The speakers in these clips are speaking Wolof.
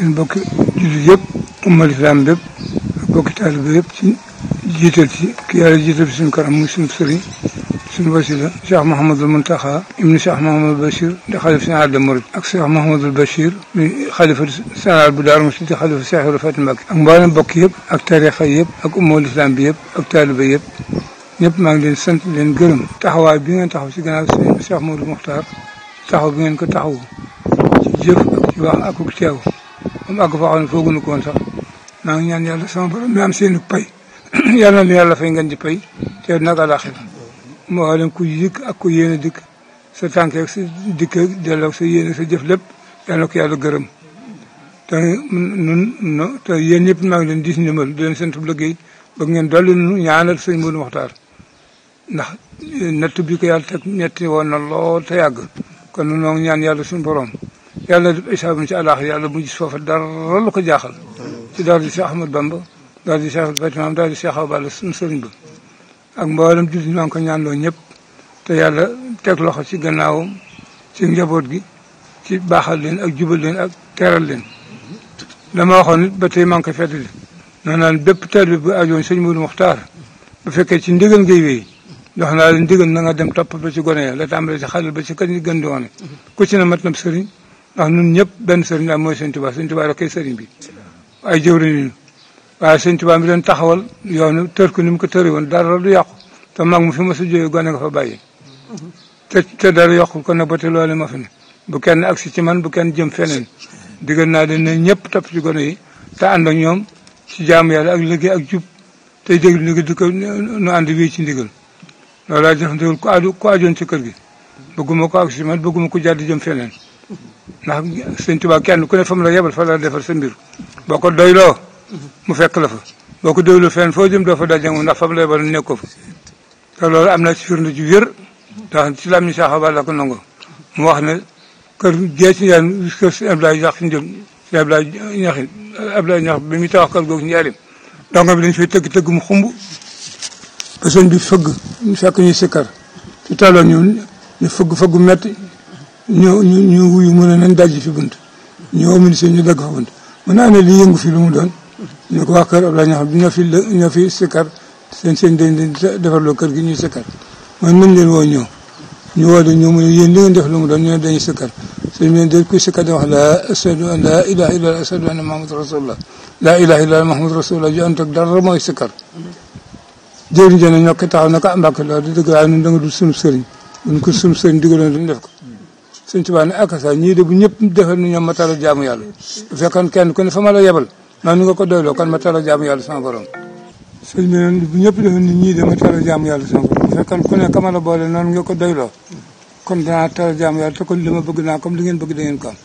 suñu bokki jullit yëpp umma lislaam bépp bokki taalibe yëpp ci jiital ci ki yàlla jiital ci suñu kanam muy suñu sëriñ suñu wasila Cheikh Mouhamadul Mountakha ibnu Cheikh Mouhamadul Bachir di xalifa général de Mouride ak Cheikh Mouhamadul Bachir muy xalifa général bu Daaru Musti di xalifa Cheikh Ibra Faty Mbacké ak mboolem bokk yëpp ak tarixa yëpp ak umma lislaam bi yëpp ak taalibe yëpp ñëpp maa ngi leen sant leen gërëm taxawaay bi ngeen taxaw si gannaaw Cheikh Modou Mokhtar taxaw bi ngeen ko taxaw ci jëf ak ci wax ak teew ba mu àgg foo xam ko woon sax maa ñaan yàlla sama borom mi am seenu pay yàlla na yàlla fay ngeen di pay te nag àlaxir moo leen ku dikk ak ku yéene dikk sa tànk ak sa dikk ak sa yéene sa jëf lépp yàlla ko yàlla gërëm te nun no te yéen ñëpp maa ngi leen diis ndimbal di leen seen tub liggéey ba ngeen dolli nu ñaanal sëñ ndax eh, natt bi na lool te yàgg kon noo ngi ñaan yàlla suñu borom yàlla def isaabun ci àllaaxira yàlla mu gis foofa dara lu ko jaaxal ci daal di Cheikh Ahmad Bamba daal di bala Fatimam daal di ba ak mboolem jullit maa ngi ko ñaanloo ñëpp te yàlla teg loxo ci gannaawam ci njaboot gi ci baaxal leen ak jubal leen ak teral leen dama waxoon ba tey maa ngi koy feddali noonu naan bépp taalibe bu ajoon sëñ Moodu Muxtaar bu fekkee ci ndigal ngay wéy dox naa leen ndigal na nga dem topp ba ci gone ya la tàmbale ci xale ba ci kan gën di ku mat na ndax ñun ñëpp benn sëriñ la mooy sëñ Tuubaa sëñ Tuubaa rek kay sëriñ bi ay jëwriñ ñu waaye sëñ Tuubaa mi taxawal yoonu tër ni mu ko tëri woon dara du yàqu te mag mu fi ma sa gone nga fa bàyyi te te dara yàqu ko na ba te loole ma fi bu kenn agsi ci man bu kenn jëm feneen diggal naa leen ne ñëpp topp ci gone yi te ànd ak ñoom ci jaamu yàlla ak liggéey ak jub tey déglu ndigal di ko nu ànd wii ci ndigal loolu laa def ndigal ku ci kër gi bëgguma ko ak ci man bëgguma ko jàdd jëm feneen ndax sëñ Tuubaa kenn ku ne fa mu la yebal fa la defal sa mbir boo ko doyloo mu fekk la fa boo ko doyloo fenn foo jëm doo fa daje ndax fa mu la yebal nekkoo loolu am na ci firnde ju wér ndax ci lam ñu saaxaba la ko nango mu wax ne kër jee si yaan kër si Abdoulaye Ñax si njëm si Abdoulaye Ñaxi Abdoulaye Ñax bi muy tawax kër googu si njaarim donga bi dañu fay tëgg tëgg mu xumb ba sëñ bi fëgg fekk ñuy sikkar su taloon ñu ñu fëgg fëgg metti ñoo ñu ñu wuyu mu nan nañ fi bunt ñoo ministre ñu dagg fa bunt mën naa ne li yëngu fi lu mu doon ñu ko wax kër Abdoulaye ñoo xam ñoo fi ñoo seen sikkar seen seen dañ defarloo kër gi ñuy sikkar man nañ leen woo ñëw ñu woo de ñoo mu ne yéen li ngeen def lu doon ñu ne dañuy sikkar sëñ bi de ku sikkar di wax laa ashadu an laa ilaha illa ashadu anna mahamadu rasulullah laa ilaha illa mahamadu rasulullah ju ànd ak dara mooy sikkar jëriñ jëne ñokki taxaw na ko ah, mbàkk loolu dëgg waaye ñun da nga dul sunu sëriñ buñ ko sunu sëriñ digaloon duñ def ko Sëñ Tuubaa ne ak sa ñii de bu ñëpp defal ni ñoom ma tala jaamu yàlla bu fekkoon kenn ku ne fa ma la yebal noonu nga ko doyloo kon ma tala jaamu yàlla sama borom sëñ bu ñëpp defal ni ñii de ma tala jaamu yàlla sama borom bu fekkoon ku ne la boole noonu nga ko doyloo kon danaa tala jaamu yàlla te kon li ma bëgg naa comme li ngeen bëgg da ngeen ko am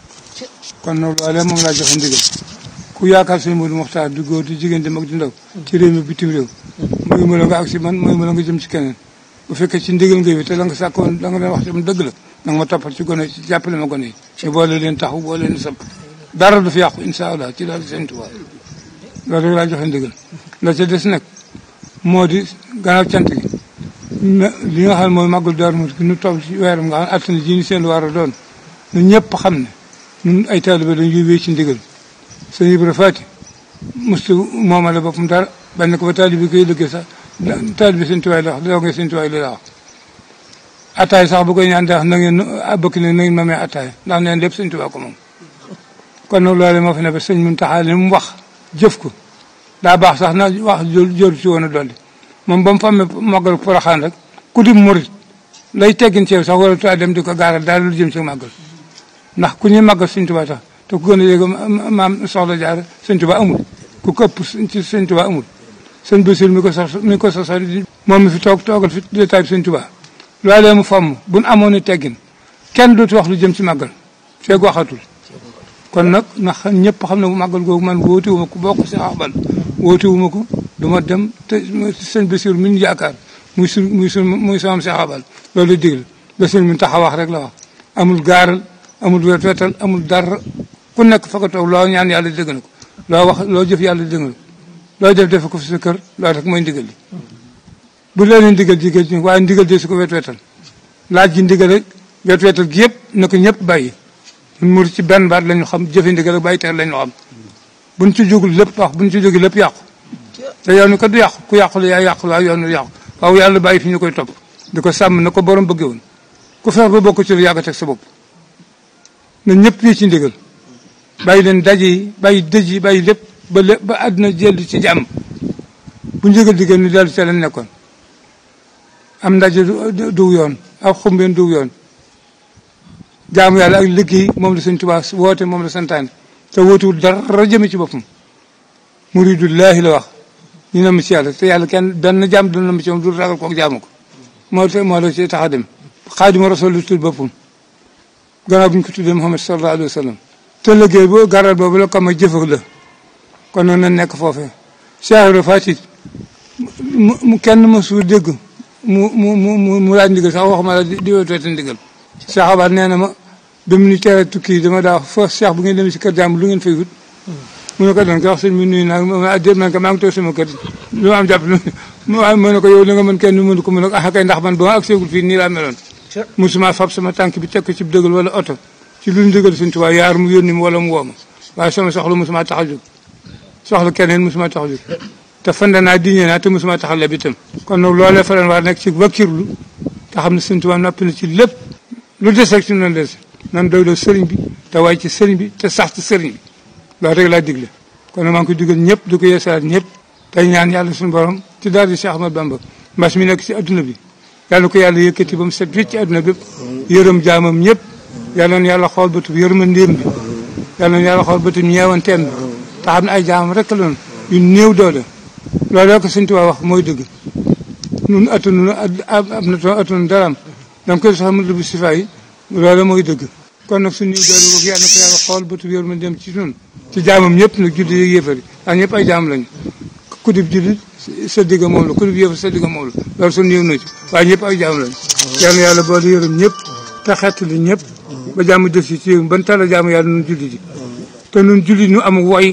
kon nag loolee moom laa joxe ndigal ku yaakaar sëñ Moodu Muxtaar di di jigéen di mag di ndaw ci réew mi bitim réew mooy ma la nga ak si man nga jëm ci bu fekkee ci ndigal nga nga sàkkoon la wax dëgg la nanga ma toppal ci gone ci jàppale ma gone yi ñu boole leen taxaw boole leen samp dara du fi yàqu allah ci loolu seen tubaab loolu rek laa joxe ndigal la ca des nag moo di gannaaw cant li nga xam ne mooy màggul Daaru Muxti nu toog ci weeram nga ji ni seen war a doon nu xam ne ñun ay taalibe dañuy wéy ci ndigal sëñ Ibra Faati mustu moomale boppam dara benn ko ba taalibe koy lëggee sax taalibe seen tubaab la wax doo ngay seen tubaab la wax attaay sax bu koy ñaan ndax na ngeen ah, bëgg ne na ngeen ma may attaay ndax neen lépp sëñ ko moom kon nag loolu moo fi ne ba sëñ Muntaxa mu wax jëf ko daa baax sax na wax jëru ci woon a dolli moom ba mu fa amee màggal Poroxaan rek ku di murit lay teggin ceeb sax wala tuuti dem di ko gaaral daal lu jëm ci màggal ndax ku ñuy màggal sëñ Tuubaa sax te ku gën a yëg maam soxla jaar sëñ Tuubaa amul ku këpp ci sëñ Tuubaa amul sëñ Basiru mi ko sos mi ko sosoon moom mi fi toog fi détail bi sëñ loolee mu fomm bu nu amoon i teggin kenn dootu wax lu jëm ci màggal feeg waxatul kon nag ndax ñëpp xam ne bu màggal googu man wóote wu ku bokk si axbal wóote wu ma ko du ma dem te sëñ Bassirou mi ñu yaakaar muy su muy su muy sama si axbal loolu digal Bassirou mi tax a wax rek la wax amul gaaral amul wet wetal amul dara ku nekk fa toog loo ñaan yàlla dégg na ko loo wax loo jëf yàlla dégg na ko loo def defe ko fi sa kër loolu rek mooy ndigal li bu leen ndigal jigéen ci waaye ndigal de su ko wet-wetal laaj ji ndigal rek wet-wetal gi yëpp na ko ñëpp bàyyi ñun mur ci benn baat lañu xam jëfe ndigal ak bàyyi tere lañu xam buñ ci jógul lépp wax buñ ci jógul lépp yàqu te yoonu ko du yàqu ku yàqul yaa yàqul waaye yoonu yàqu waaw yàlla bàyyi fi ñu koy topp di ko sàmm na ko borom bëggee woon ku fex ba bokk ci lu yàgg teg sa bopp na ñëpp yi ci ndigal bàyyi leen daje yi bàyyi dëj yi bàyyi lépp ba lépp ba àdduna jëllu ci jàmm bu njëgal diggéen ñu dellu ca nekkoon am ndaje duw yoon ak xumbeen duw yoon jaamu yàlla ak liggéey moom la sëñ Tuubaa woote moom la santaane te wootuwul dara jëme ci boppam muridullaahi la wax ñu ne ma ci yàlla kenn benn jaam dina ma ci moom du ragal koog jaamu ko moo te moo la ci tax a dem xaadima rasul lu tudd boppam gannaaw ko tuddee Muhammad sallallahu alayhi wa sallam te liggéey boo garal boobu la kama jëfag la kon noon na nekk foofee Cheikh Ibra mu kenn mësul dégg mu mu mu mu laaj ndigal sax waxuma la di wéytoote ndigal Cheikh Abad nee na ma ba mu ni tere tukki ma daa fo Cheikh bu ngeen demee si kër jàmm lu ngeen fay wut mu ne ko doon ko wax sëñ bi nuyu naa ma déet man ko maa ngi toog sama kër lu ma am jàpp mu ma ne ko yow da nga mën ko mën a ah, kay ndax man ba ma ak ni fii nii laa meloon musuma fab sama tànk bi teg ko ci dëgal wala oto ci lu ñu dëgal suñ tubaab yaar mu yónni mu wala mu woo ma waaye sama soxla musuma tax a jóg soxla keneen musuma tax a jóg te fanda naa diñe naa te mosuma taxaw leb itam kon nag loolee fa leen war nekk ci wakkirlu te xam ne Sëñ Tuubaa noppi ci lépp lu des rek ci noonu des nan doyloo bi te waay ci sëriñ bi te sax ci sëriñ loolu rek laa digle kon nag maa ngi koy ñëpp di ko yeesalaat ñëpp tey ñaan yàlla suñu borom ci daal di Cheikh Ahmad Bamba mbas mi nekk ci adduna bi yàlla ko yàlla yëkkati ba mu set ci adduna yërëm jaamam ñëpp yàlla na yàlla xool bëtu yërmandeem bi yàlla na yàlla xool bëtu ñeewanteem bi te xam ne ay jaamam rek la noonu yu doole loolu la ko suñ tubaab wax mooy dëgg nun attanu ab na attanu daraam danga koy sax mu lu bi sifa yi loolu mooy dëgg kon nag suñu doolu ko yàlla na ko yàlla xool bëtu yóru ma dem ci nun ci jaamam ñëpp nag julli yeeg yéefari ak ñëpp ay jaam lañu ku dib julli sa digga moom la ku dib yéefar sa digga moom la loolu suñu yoon na ci waaye ñëpp ay jaam lañu yàlla yàlla boole yërëm ñëpp te xettali ñëpp ba jàmm def si ci ban tala jaamu yàlla nun julli ji te nun julli ñu am woy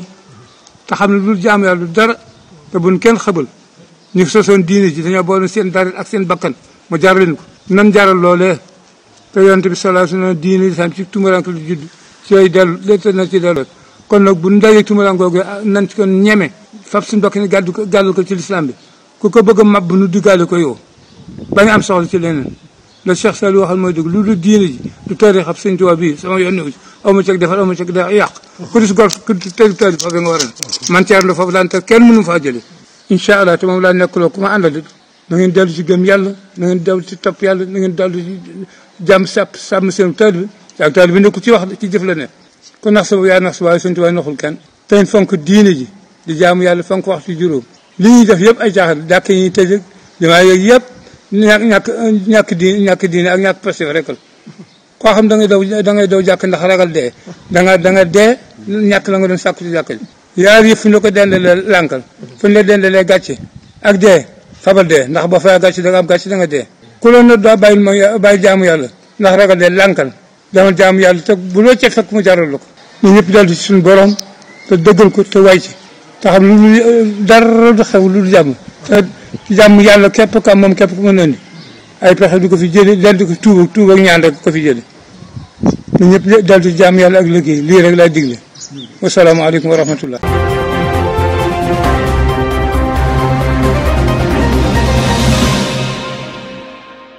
te xam ne lu jaamu yàlla dara te buñ kenn xëbal ñu sosoon diine ji dañoo boole seen dara ak seen bakkan mu jaar leen ko nan jaaral loolee te yonent bi sallallahu alayhi wasallam diine lislaam ci tumuraanke lu judd ci yooyu dellu léegi na ci dellu kon nag bu ndajee tumuraanke googu nan ci kon ñeme fab suñu bakkan gàddu ko gàllal ko ci lislaam bi ku ko bëgg a mab nu duggaale ko yow bañ am soxla ci leneen la Cheikh Sall waxal mooy dëgg lu dul diine ji du taarix ab sëñ Tuubaa bii sama yoon ñëw aw ma ceg defar aw ma ceg da yàq ku dis gor ku teg taarix foofu nga war a man ceerlu foofu laan ter kenn mënu faa jëlee incha allah te moom laa nekkuloo ku ma àndal na ngeen dellu ci gëm yàlla na ngeen dellu ci topp yàlla na ngeen dellu ci jàmm sàpp sàmm seen taalibe bi ak taalibe bi nekku ci wax ci jëf la ne ku nax sa yaa nax sa waaye sëñ Tuubaa naxul kenn te fonk diine ji di jaamu yàlla fonk waxtu juróom li ñuy def yëpp ay jaaxal dàkk yi ñuy tëj ak yëpp ñàkk ñàkk ñàkk diine ñàkk diine ak ñàkk passif rek la koo xam da ngay daw da ngay daw jàkk ndax ragal dee da nga da nga dee ñàkk la nga doon sàkku ci jàkk ji de yi fu la ko dendalee lànkal fu ñu la dendalee gàcce ak dee fabal dee ndax ba faya gàcce da nga am gàcce da nga dee ku loon na daa bàyyil mooy bàyyi jaamu yàlla ndax ragal dee lànkal dama jaamu yàlla te bu mu jaral la ko ñun ñëpp dellu ci suñu borom te dëggal ko te way ci te xam lu dara du lu jàmm jàmm yàlla képp kam moom képp ku mën a ay pexe du ko fi jëlee dellu ko tuub tuub ñaan rek ko fi jëlee ñun ñëpp dellu jàmm yàlla ak liggéey lii rek laa digle wasalaamaaleykum wa rahmatullah